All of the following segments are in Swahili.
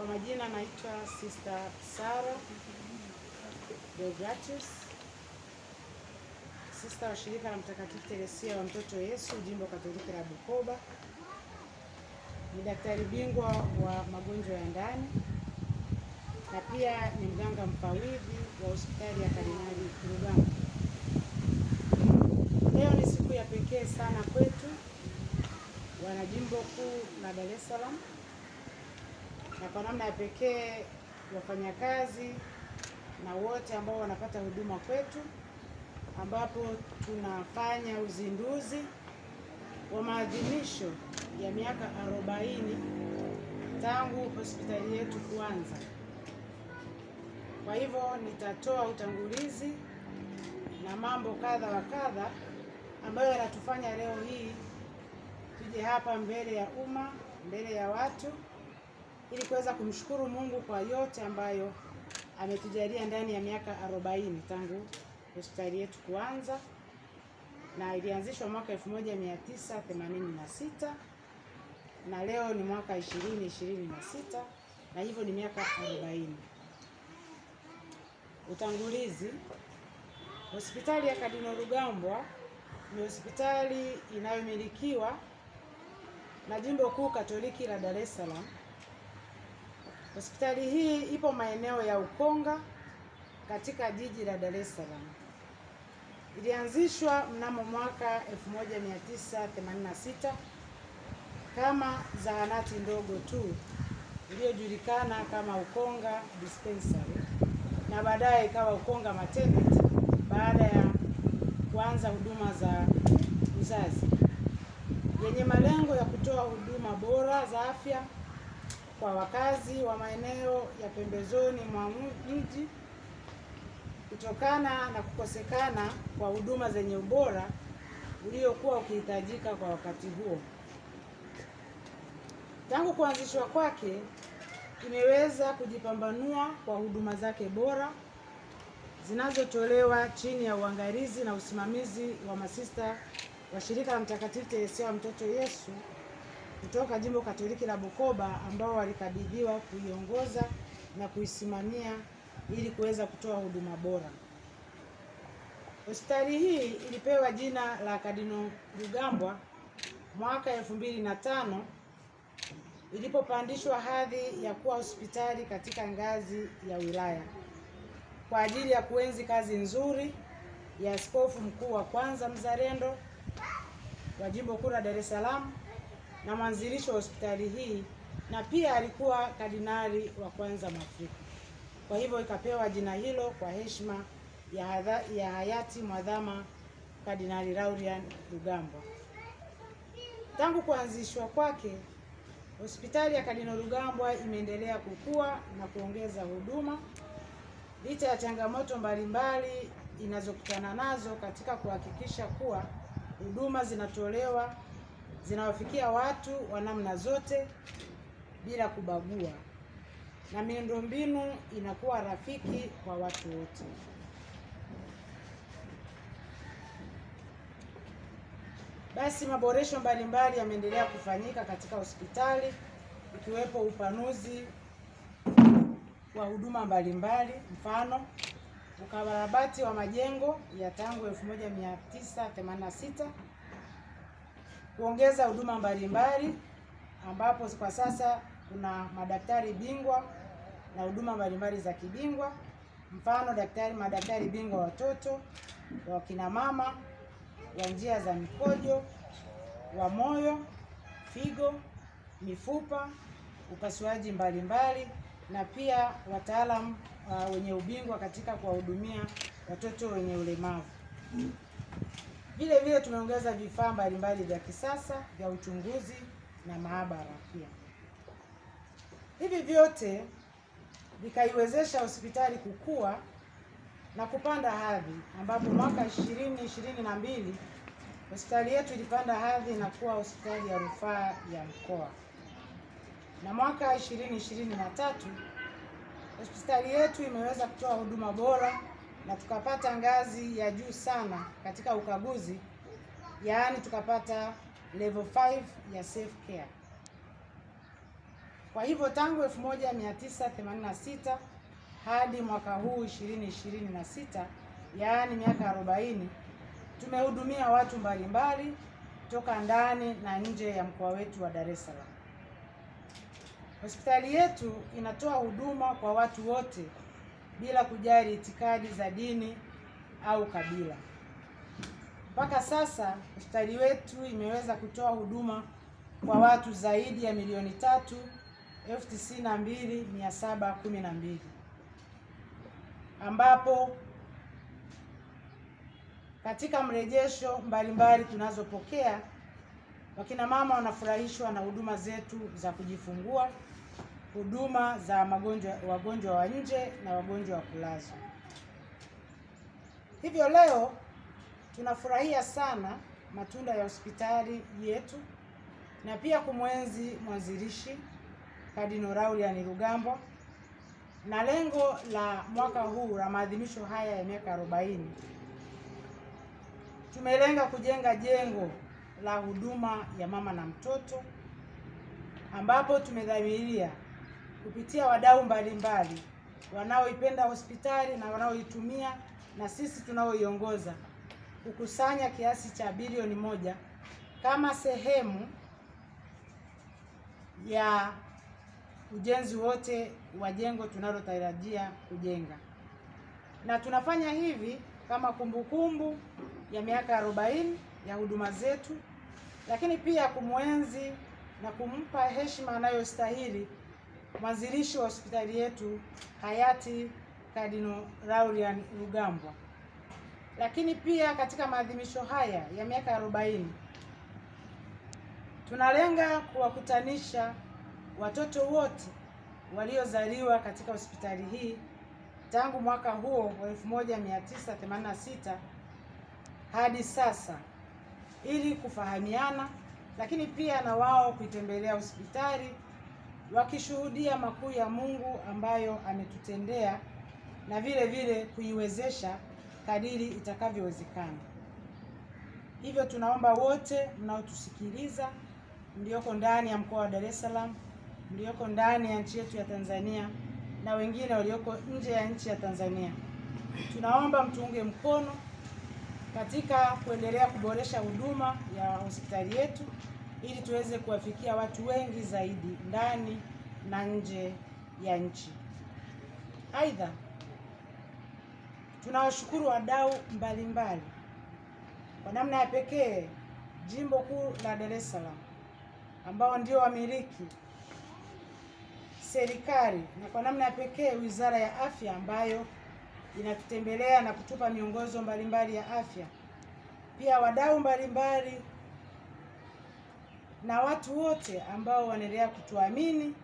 Kwa majina naitwa Sister Sara Deogratis, Sister wa shirika la Mtakatifu Teresia wa Mtoto Yesu jimbo Katoliki la Bukoba. Ni daktari bingwa wa magonjwa ya ndani na pia ni mganga mfawidhi wa hospitali ya Kardinali Rugambwa. Leo ni siku ya pekee sana kwetu wanajimbo kuu la Dar es Salaam na kwa namna ya pekee wafanyakazi na wote ambao wanapata huduma kwetu, ambapo tunafanya uzinduzi wa maadhimisho ya miaka 40 tangu hospitali yetu kuanza. Kwa hivyo nitatoa utangulizi na mambo kadha wa kadha ambayo yanatufanya leo hii tuje hapa mbele ya umma, mbele ya watu ili kuweza kumshukuru Mungu kwa yote ambayo ametujalia ndani ya miaka 40 tangu hospitali yetu kuanza, na ilianzishwa mwaka 1986 na leo ni mwaka 2026 na hivyo ni miaka 40. Utangulizi. Hospitali ya Kadino Rugambwa ni hospitali inayomilikiwa na Jimbo Kuu Katoliki la Dar es Salaam Hospitali hii ipo maeneo ya Ukonga katika jiji la Dar es Salaam. Ilianzishwa mnamo mwaka 1986 kama zahanati ndogo tu iliyojulikana kama Ukonga Dispensary na baadaye ikawa Ukonga Maternity baada ya kuanza huduma za uzazi yenye malengo ya kutoa huduma bora za afya kwa wakazi wa maeneo ya pembezoni mwa mji kutokana na kukosekana kwa huduma zenye ubora uliokuwa ukihitajika kwa wakati huo. Tangu kuanzishwa kwake, imeweza kujipambanua kwa huduma zake bora zinazotolewa chini ya uangalizi na usimamizi wa masista wa shirika la Mtakatifu Teresia wa Mtoto Yesu kutoka Jimbo Katoliki la Bukoba ambao walikabidhiwa kuiongoza na kuisimamia ili kuweza kutoa huduma bora. Hospitali hii ilipewa jina la Kadino Rugambwa mwaka elfu mbili na tano ilipopandishwa hadhi ya kuwa hospitali katika ngazi ya wilaya kwa ajili ya kuenzi kazi nzuri ya Askofu Mkuu wa kwanza mzalendo wa Jimbo Kuu la Dar es Salaam na mwanzilishi wa hospitali hii na pia alikuwa kardinali wa kwanza Mwafrika. Kwa hivyo ikapewa jina hilo kwa heshima ya, hadha, ya hayati mwadhama Kardinali Laurian Rugambwa. Tangu kuanzishwa kwake, hospitali ya Kardinali Rugambwa imeendelea kukua na kuongeza huduma licha ya changamoto mbalimbali inazokutana nazo katika kuhakikisha kuwa huduma zinatolewa zinawafikia watu wa namna zote bila kubagua, na miundombinu inakuwa rafiki kwa watu wote. Basi maboresho mbalimbali yameendelea kufanyika katika hospitali ikiwepo upanuzi wa huduma mbalimbali, mfano ukarabati wa majengo ya tangu 1986 kuongeza huduma mbalimbali, ambapo kwa sasa kuna madaktari bingwa na huduma mbalimbali za kibingwa, mfano daktari madaktari bingwa watoto, wa kina mama, wa njia za mikojo, wa moyo, figo, mifupa, upasuaji mbalimbali na pia wataalamu uh, wenye ubingwa katika kuwahudumia watoto wenye ulemavu. Vile vile tumeongeza vifaa mbalimbali vya kisasa vya uchunguzi na maabara pia. Hivi vyote vikaiwezesha hospitali kukua na kupanda hadhi ambapo mwaka 2022 hospitali yetu ilipanda hadhi na kuwa hospitali ya rufaa ya mkoa, na mwaka 2023 hospitali yetu imeweza kutoa huduma bora na tukapata ngazi ya juu sana katika ukaguzi, yaani tukapata level 5 ya safe care. Kwa hivyo tangu 1986 hadi mwaka huu 2026, yaani miaka 40, tumehudumia watu mbalimbali toka ndani na nje ya mkoa wetu wa Dar es Salaam. Hospitali yetu inatoa huduma kwa watu wote bila kujali itikadi za dini au kabila. Mpaka sasa hospitali wetu imeweza kutoa huduma kwa watu zaidi ya milioni tatu elfu tisini na mbili mia saba kumi na mbili ambapo katika mrejesho mbalimbali tunazopokea wakina mama wanafurahishwa na huduma zetu za kujifungua huduma za magonjwa wagonjwa wa nje na wagonjwa wa kulazwa. Hivyo leo tunafurahia sana matunda ya hospitali yetu na pia kumwenzi mwanzilishi Kardinali Laurean Rugambwa, na lengo la mwaka huu la maadhimisho haya ya miaka 40 tumelenga kujenga jengo la huduma ya mama na mtoto ambapo tumedhamiria kupitia wadau mbalimbali wanaoipenda hospitali na wanaoitumia na sisi tunaoiongoza kukusanya kiasi cha bilioni moja kama sehemu ya ujenzi wote wa jengo tunalotarajia kujenga, na tunafanya hivi kama kumbukumbu kumbu ya miaka arobaini ya huduma zetu, lakini pia kumwenzi na kumpa heshima anayostahili mwanzilishi wa hospitali yetu hayati Kardinali Laurian Rugambwa. Lakini pia katika maadhimisho haya ya miaka 40 tunalenga kuwakutanisha watoto wote waliozaliwa katika hospitali hii tangu mwaka huo wa 1986 hadi sasa ili kufahamiana, lakini pia na wao kuitembelea hospitali wakishuhudia makuu ya Mungu ambayo ametutendea na vile vile kuiwezesha kadiri itakavyowezekana. Hivyo tunaomba wote mnaotusikiliza mlioko ndani ya mkoa wa Dar es Salaam, mlioko ndani ya nchi yetu ya Tanzania na wengine walioko nje ya nchi ya Tanzania, tunaomba mtuunge mkono katika kuendelea kuboresha huduma ya hospitali yetu ili tuweze kuwafikia watu wengi zaidi ndani na nje ya nchi. Aidha, tunawashukuru wadau mbalimbali. Kwa namna ya pekee, Jimbo Kuu la Dar es Salaam ambao ndio wamiliki, serikali na kwa namna ya pekee Wizara ya Afya ambayo inatutembelea na kutupa miongozo mbalimbali ya afya, pia wadau mbalimbali na watu wote ambao wanaendelea kutuamini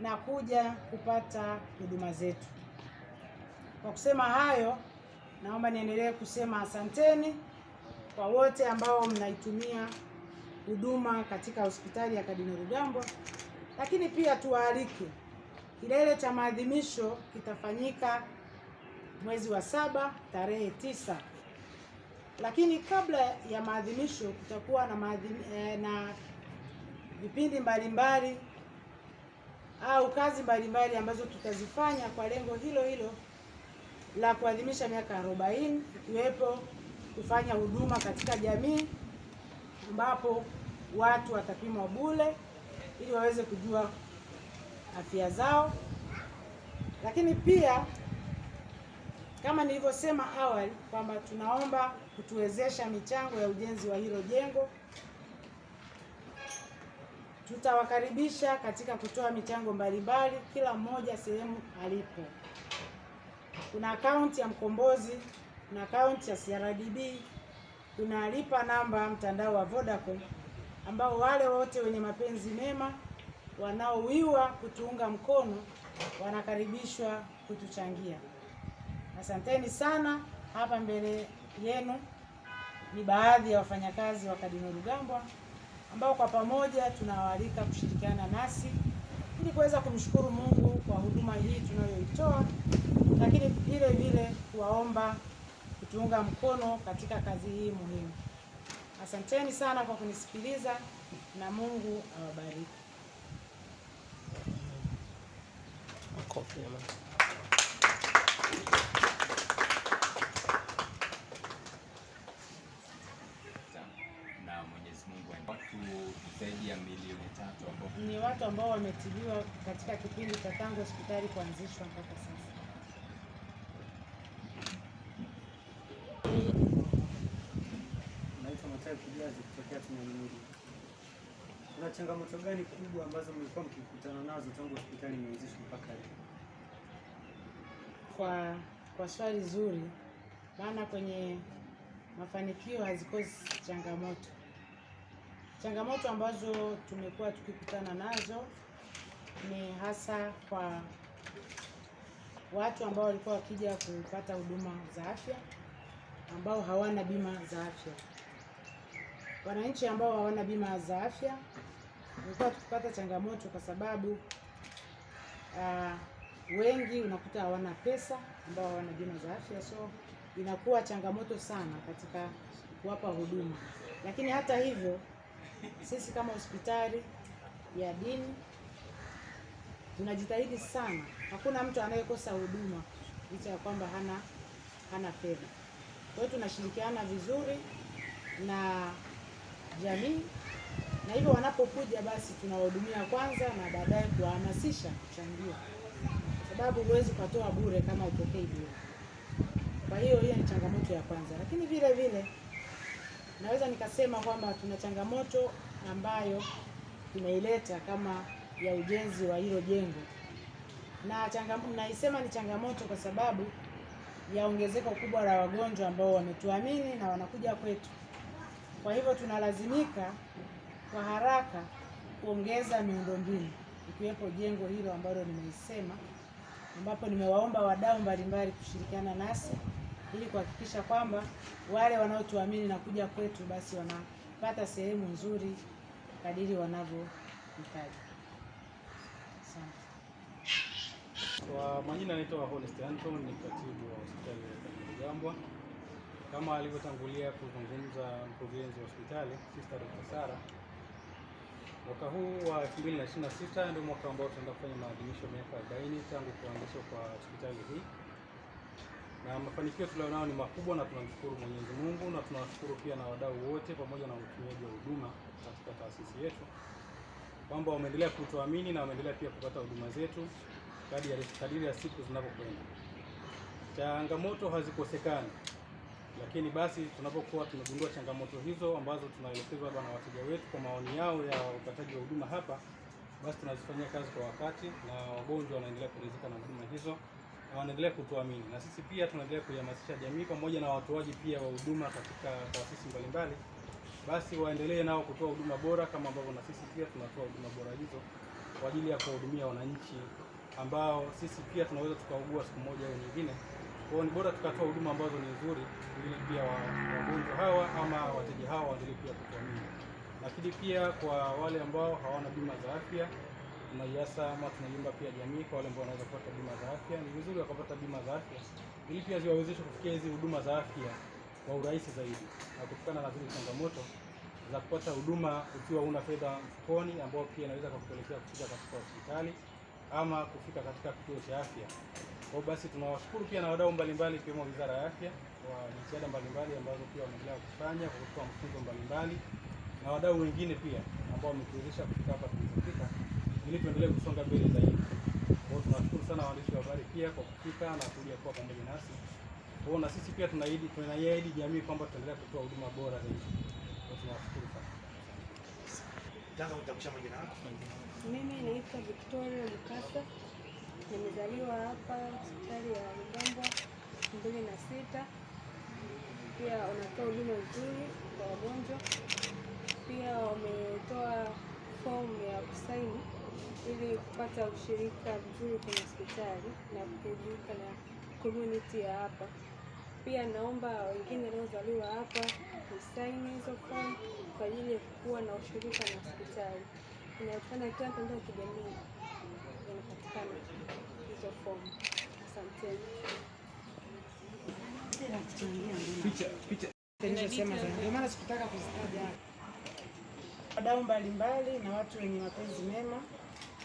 na kuja kupata huduma zetu. Kwa kusema hayo, naomba niendelee kusema asanteni kwa wote ambao mnaitumia huduma katika hospitali ya Kadino Rugambwa, lakini pia tuwaalike. Kilele cha maadhimisho kitafanyika mwezi wa saba tarehe tisa, lakini kabla ya maadhimisho kutakuwa na maadhim, eh, na vipindi mbalimbali au kazi mbalimbali ambazo tutazifanya kwa lengo hilo hilo la kuadhimisha miaka arobaini ikiwepo kufanya huduma katika jamii ambapo watu watapimwa bure ili waweze kujua afya zao, lakini pia kama nilivyosema awali kwamba tunaomba kutuwezesha michango ya ujenzi wa hilo jengo. Tutawakaribisha katika kutoa michango mbalimbali, kila mmoja sehemu alipo. Kuna akaunti ya Mkombozi, kuna akaunti ya CRDB, kuna lipa namba mtandao wa Vodacom, ambao wale wote wenye mapenzi mema wanaowiwa kutuunga mkono wanakaribishwa kutuchangia. Asanteni sana. Hapa mbele yenu ni baadhi ya wafanyakazi wa Kadino Rugambwa ambao kwa pamoja tunawaalika kushirikiana nasi ili kuweza kumshukuru Mungu kwa huduma hii tunayoitoa, lakini vile vile kuwaomba kutuunga mkono katika kazi hii muhimu. Asanteni sana kwa kunisikiliza na Mungu awabariki. ni watu ambao wametibiwa katika kipindi cha tangu hospitali kuanzishwa mpaka sasa. Naitwa Matayo Kijazi kutokea Tumaini. Kuna changamoto gani kubwa ambazo mlikuwa mkikutana nazo tangu hospitali imeanzishwa mpaka leo? Kwa kwa swali zuri, maana kwenye mafanikio hazikosi changamoto Changamoto ambazo tumekuwa tukikutana nazo ni hasa kwa watu ambao walikuwa wakija kupata huduma za afya ambao hawana bima za afya. Wananchi ambao hawana bima za afya tulikuwa tukipata changamoto kwa sababu uh, wengi unakuta hawana pesa ambao hawana bima za afya, so inakuwa changamoto sana katika kuwapa huduma, lakini hata hivyo sisi kama hospitali ya dini tunajitahidi sana, hakuna mtu anayekosa huduma licha ya kwamba hana hana fedha. Kwa hiyo tunashirikiana vizuri na jamii, na hivyo wanapokuja basi tunawahudumia kwanza na baadaye kuwahamasisha kuchangia, kwa sababu huwezi ukatoa bure kama upokei bure. Kwa hiyo hiyo ni changamoto ya kwanza, lakini vile vile naweza nikasema kwamba tuna changamoto ambayo tumeileta kama ya ujenzi wa hilo jengo, na naisema ni changamoto kwa sababu ya ongezeko kubwa la wagonjwa ambao wametuamini na wanakuja kwetu. Kwa hivyo tunalazimika kwa haraka kuongeza miundombinu ikiwepo jengo hilo ambalo nimeisema, ambapo nimewaomba wadau mbalimbali kushirikiana nasi ili kuhakikisha kwamba wale wanaotuamini na kuja kwetu basi wanapata sehemu nzuri kadiri wanavyohitaji. Kwa majina anaitwa Honest Anton, ni katibu wa hospitali ya Mugambwa. Kama alivyotangulia kuzungumza mkurugenzi wa hospitali Sister Dr. Sara, mwaka huu wa 2026 ndio mwaka ambao tunaenda kufanya maadhimisho miaka 40 tangu kuanzishwa kwa hospitali hii na mafanikio tulionao ni makubwa, na tunamshukuru Mwenyezi Mungu na tunawashukuru pia na wadau wote pamoja na watumiaji wa huduma katika taasisi yetu kwamba wameendelea kutuamini na wameendelea pia kupata huduma zetu kadiri ya siku zinavyokwenda. Changamoto hazikosekani, lakini basi tunapokuwa tumegundua changamoto hizo ambazo tunaelekezwa na wateja wetu kwa maoni yao ya upataji wa huduma hapa, basi tunazifanyia kazi kwa wakati na wagonjwa wanaendelea kuridhika na huduma hizo wanaendelea kutuamini, na sisi pia tunaendelea kuihamasisha jamii pamoja na watoaji pia wa huduma katika taasisi mbalimbali, basi waendelee nao kutoa huduma bora kama ambavyo na sisi pia tunatoa huduma bora hizo kwa ajili ya kuwahudumia wananchi ambao sisi pia tunaweza tukaugua siku moja au nyingine. Kwao ni bora tukatoa huduma ambazo ni nzuri, ili pia wagonjwa hawa ama wateja hawa waendelee pia kutuamini. Lakini pia kwa wale ambao hawana bima za afya tunaiasa ama tunaiomba pia jamii, kwa wale ambao wanaweza kupata bima za afya, ni vizuri wakapata bima za afya ili pia ziwawezeshe kufikia hizi huduma za afya kwa urahisi zaidi na kutokana na zile changamoto za kupata huduma ukiwa una fedha mfukoni, ambao pia inaweza kukupelekea kufika katika hospitali ama kufika katika kituo cha afya. Kwa basi tunawashukuru pia na wadau mbalimbali ikiwemo Wizara ya Afya kwa jitihada mbalimbali ambazo pia wameendelea kufanya kwa kutoa mafunzo mbalimbali na wadau wengine pia ambao wametuwezesha kufika hapa tulipofika ili tuendelee kusonga mbele zaidi. Kwa tunashukuru sana waandishi wa habari pia kwa kufika na kuja kuwa pamoja nasi. Kwa na sisi pia tunaahidi tunaahidi jamii kwamba tutaendelea kutoa huduma bora zaidi. Kwa tunashukuru sana. Tazama utakusha majina yako. Mimi naitwa Victoria Mkasa. Nimezaliwa hapa hospitali ya Rugambwa mbili na sita. Pia wanatoa huduma nzuri kwa wagonjwa. Pia wametoa fomu ya kusaini ili kupata ushirika mzuri kwenye hospitali na kujiunga na community ya hapa. Pia naomba wengine wanaozaliwa hapa kusaini hizo fomu kwa ajili ya kuwa na ushirika na hospitali Inaonekana kila mtandao wa kijamii inapatikana hizo fomu. Asanteni. Ndio maana sikutaka kuzitaja wadau mbalimbali na watu wenye mapenzi mema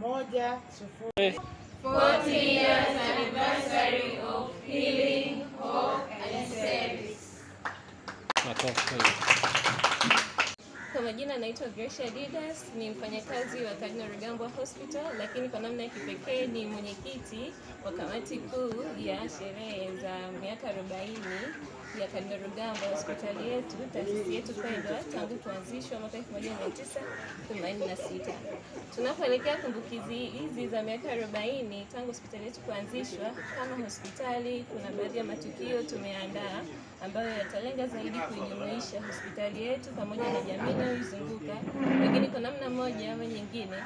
moja sufuri. Kwa majina naitwa Gracia Didas, ni mfanyakazi wa Cardinal Rugambwa Hospital, lakini kwa namna ya kipekee ni mwenyekiti wa kamati kuu ya sherehe za miaka arobaini ya Kalimarugambo hospitali yetu, taasisi yetu pendwa, tangu kuanzishwa mwaka 1986. Tunapoelekea kumbukizi hizi za miaka 40 tangu hospitali yetu kuanzishwa kama hospitali, kuna baadhi ya matukio tumeandaa ambayo yatalenga zaidi kuijumuisha hospitali yetu pamoja na jamii inayoizunguka, lakini kwa namna moja ama nyingine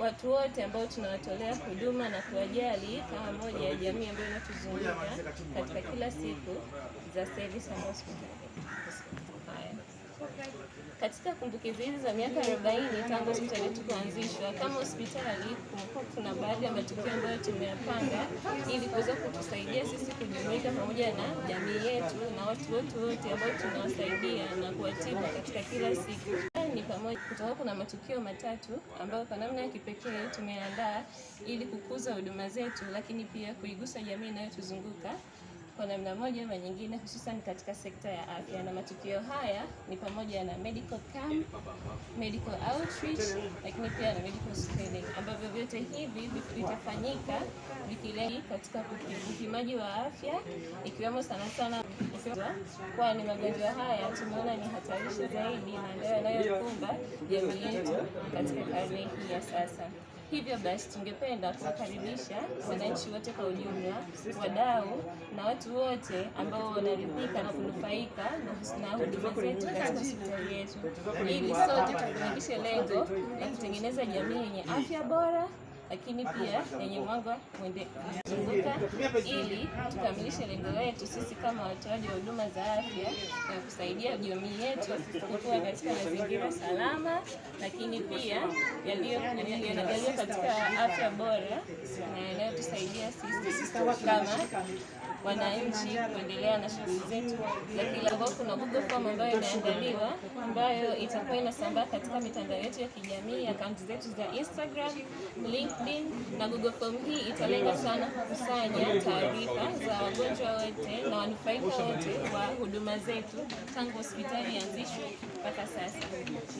watu wote ambao tunawatolea huduma na kuwajali kama moja ya jamii ambayo inatuzunguka katika kila siku za service and hospitality. Katika kumbukizi hizi za miaka 40 tangu hospitali yetu kuanzishwa kama hospitali, kumekuwa kuna baadhi ya matukio ambayo tumeyapanga ili kuweza kutusaidia sisi kujumuika pamoja na jamii yetu na watu wote wote ambao tunawasaidia na kuwatibu katika kila siku ni pamoja kutoka, kuna matukio matatu ambayo kwa namna ya kipekee tumeandaa ili kukuza huduma zetu, lakini pia kuigusa jamii inayotuzunguka kwa namna moja ama nyingine, hususan katika sekta ya afya, na matukio haya ni pamoja na medical camp, medical outreach, lakini pia na medical screening, ambavyo vyote hivi vitafanyika vikilenga katika upimaji wa afya, ikiwemo sana sana kwani magonjwa haya tumeona ni hatarishi zaidi na ndio yanayokumba jamii yetu katika karne hii ya sasa. Hivyo basi tungependa kuwakaribisha wananchi wote kwa ujumla, wadau na watu wote ambao wanaridhika na kunufaika na huduma zetu katika hospitali yetu, ili sote tufanikishe lengo la kutengeneza jamii yenye afya bora lakini pia yenye mwanga mwendezunguka ili tukamilishe lengo letu sisi kama watoaji wa huduma za afya na kusaidia jamii yetu kukua katika mazingira salama, lakini pia yaliyo katika afya bora na yanayotusaidia sisi kama wananchi kuendelea na shughuli zetu za kila ambao kuna Google Form ambayo inaandaliwa ambayo itakuwa inasambaa katika mitandao yetu ya kijamii, akaunti zetu za Instagram, LinkedIn na Google Form. Hii italenga sana kukusanya taarifa za wagonjwa wote na wanufaika wote wa huduma zetu tangu hospitali ianzishwe mpaka sasa,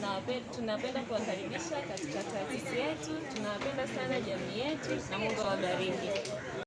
na tunapenda kuwakaribisha katika taasisi yetu. Tunawapenda sana jamii yetu na Mungu awabariki.